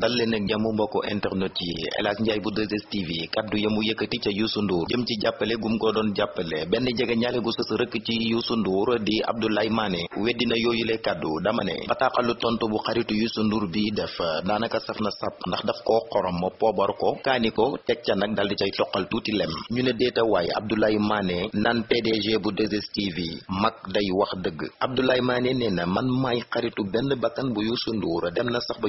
dal leen ak jàmm mbokku internet yi El Hadj bu 2STV kaddu ya mu yëkkati ca Youssou Ndour jëm ci jàppale gum ko doon jàppale benn jege ñaale gu sës rëkk ci Youssou Ndour di Abdoulaye Mané weddi na yooyule kaddu dama ne bataaxalu tontu bu xaritu Youssou Ndour bi def daanaka saf na sàpp ndax daf koo xorom poobar ko kaani ko teg ca nag dal di cay toqal tuuti lem ñu ne déeta waaye Abdoulaye Mané naan PDG bu 2STV mag day wax dëgg Abdoulaye Mané nee na man maay xaritu benn bakkan bu Youssou Ndour dem na sax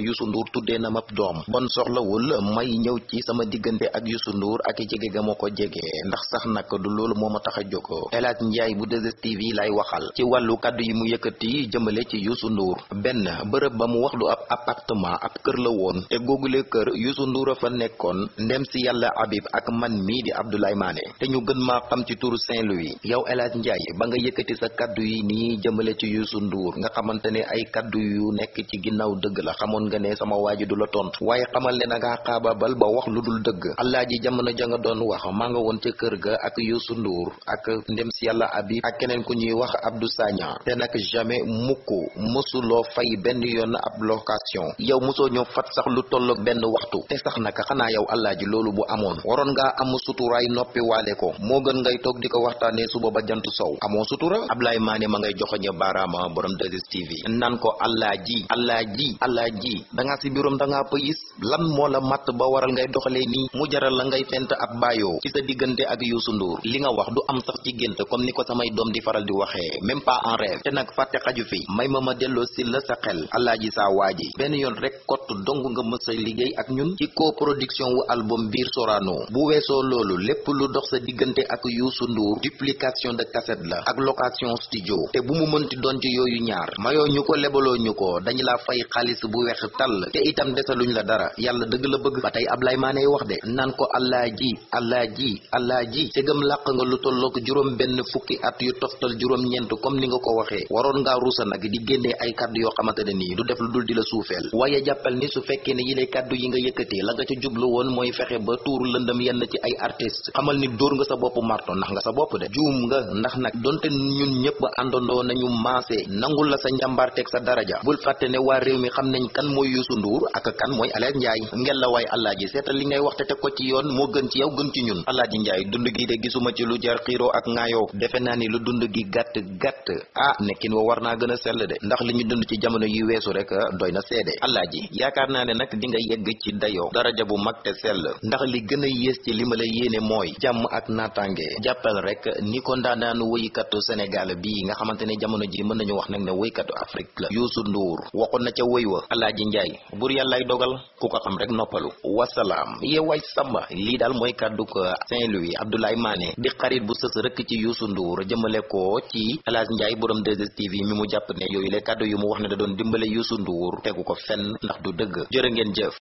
ab doom bon soxlawul may ñëw ci sama diggante ak Youssou nduur ak jege ga ma ko jege ndax sax nag du loolu moo ma tax a jóg El Hadj Ndiaye bu 2STV lay waxal ci wàllu kàddu yi mu yëkkati jëmale ci Youssou nduur benn bërëb ba mu wax du ab appartement ab kër la woon te googule kër Youssou nduur a fa nekkoon ndem si yàlla Habib ak man mii di Abdoulaye Mané te ñu gën maa xam ci turu Saint-Louis yow El Hadj Ndiaye ba nga yëkkati sa kàddu yi nii jëmale ci Youssou Ndour nga xamante ne ay kàddu yu nekk ci ginnaaw dëgg la xamoon nga ne sama waaji du la tontu waaye xamal ne nangaa xaabaabal ba wax lu dul dëgg allaaji jamono ja nga doon wax maa nga woon ca kër ga ak Youssou Ndour ak ndem si yàlla Habib ak keneen ku ñuy wax du Sagna te nag jamais mukk mosuloo fay benn yoon ab location yow mosoo ñëw fat sax lu tolloog benn waxtu te sax nag xanaa yow alaaji loolu bu amoon waroon ngaa am suturaay noppi waale ko moo gën ngay toog di ko waxtaanee suba ba jant sow amoo sutura Ablaye Mané ma ngay joxoñe baaraama borom 2STV nan ko alaaji alaaji alaaji danga si la pëyis lan moo la matt ba waral ngay doxalee nii mu jaral la ngay fent ab baayoo ci sa diggante ak Youssou Ndour li nga wax du am sax ci gént comme ni ko samay doom di faral di waxee même pas en rêve te nag fàtte xaju fi may ma ma delloo si la sa xel sa saa waaji benn yoon rek kott dong nga mësa liggéey ak ñun ci coproduction wu album biir Sorano bu weesoo loolu lépp lu dox sa diggante ak Youssou Ndour duplication de cassette la ak location studio te bu desaluñ la dara yàlla dëgg la bëgg ba tey Ablaye Mané wax de naan ko allah ji allah ji allah ji segam làq nga lu tolloog juróom benn fukki at yu toftal juróom ñeent comme ni nga ko waxee waroon ngaa ruusa nag di génnee ay kàddu yoo xamante ne nii du def lu dul di la suufeel waaye jàppal ni su fekkee ne yile kàddu yi nga yëkkatee la nga ca jublu woon mooy fexe ba tuuru lëndëm yenn ci ay artiste xamal ni dóor nga sa bopp marto ndax nga sa bopp de juum nga ndax nag donte ñun la sa njàmbaarteeg sa daraja bul fàtte ne waa réew mi xam nañ ak kan mooy Alex Ndiaye ngelawaay Alaaji seetal li ngay wax te teg ko ci yoon moo gën ci yow gën ci ñun Alaaji Ndiaye dund gi de gisuma ci lu jar xiiroo ak ŋaayoo defe naa ni lu dund gi gàtt gàtt ah nekkin wa war naa gën a sell de ndax li ñu dund ci jamono yu weesu rek ah, doy na seede Alaaji yaakaar naa ne nag di nga yegg ci dayoo daraja bu mag te sell ndax li gën a yées ci li ma la yéene mooy jàmm ak naataange jàppal rek ni ko ndaanaan woykatu Sénégal bii nga xamante ne jamono ji mën nañu wax nag ne woykatu Afrique la Youssou Ndour waxoon na ca woy wa Alaaji ay dogal ku ko xam rek noppalu wasalaam yeewaay samba lii daal mooy kàddu ko Saint-Louis Abdoulaye Mané di xarit bu sës rëkk ci Youssou Ndour jëmale ko ci El Hadj Ndiaye borom 2STV mi mu jàpp ne yooyu le kàddu yu mu wax ne da doon dimbale Youssou Ndour tegu ko fenn ndax du dëgg jërë ngeen jëf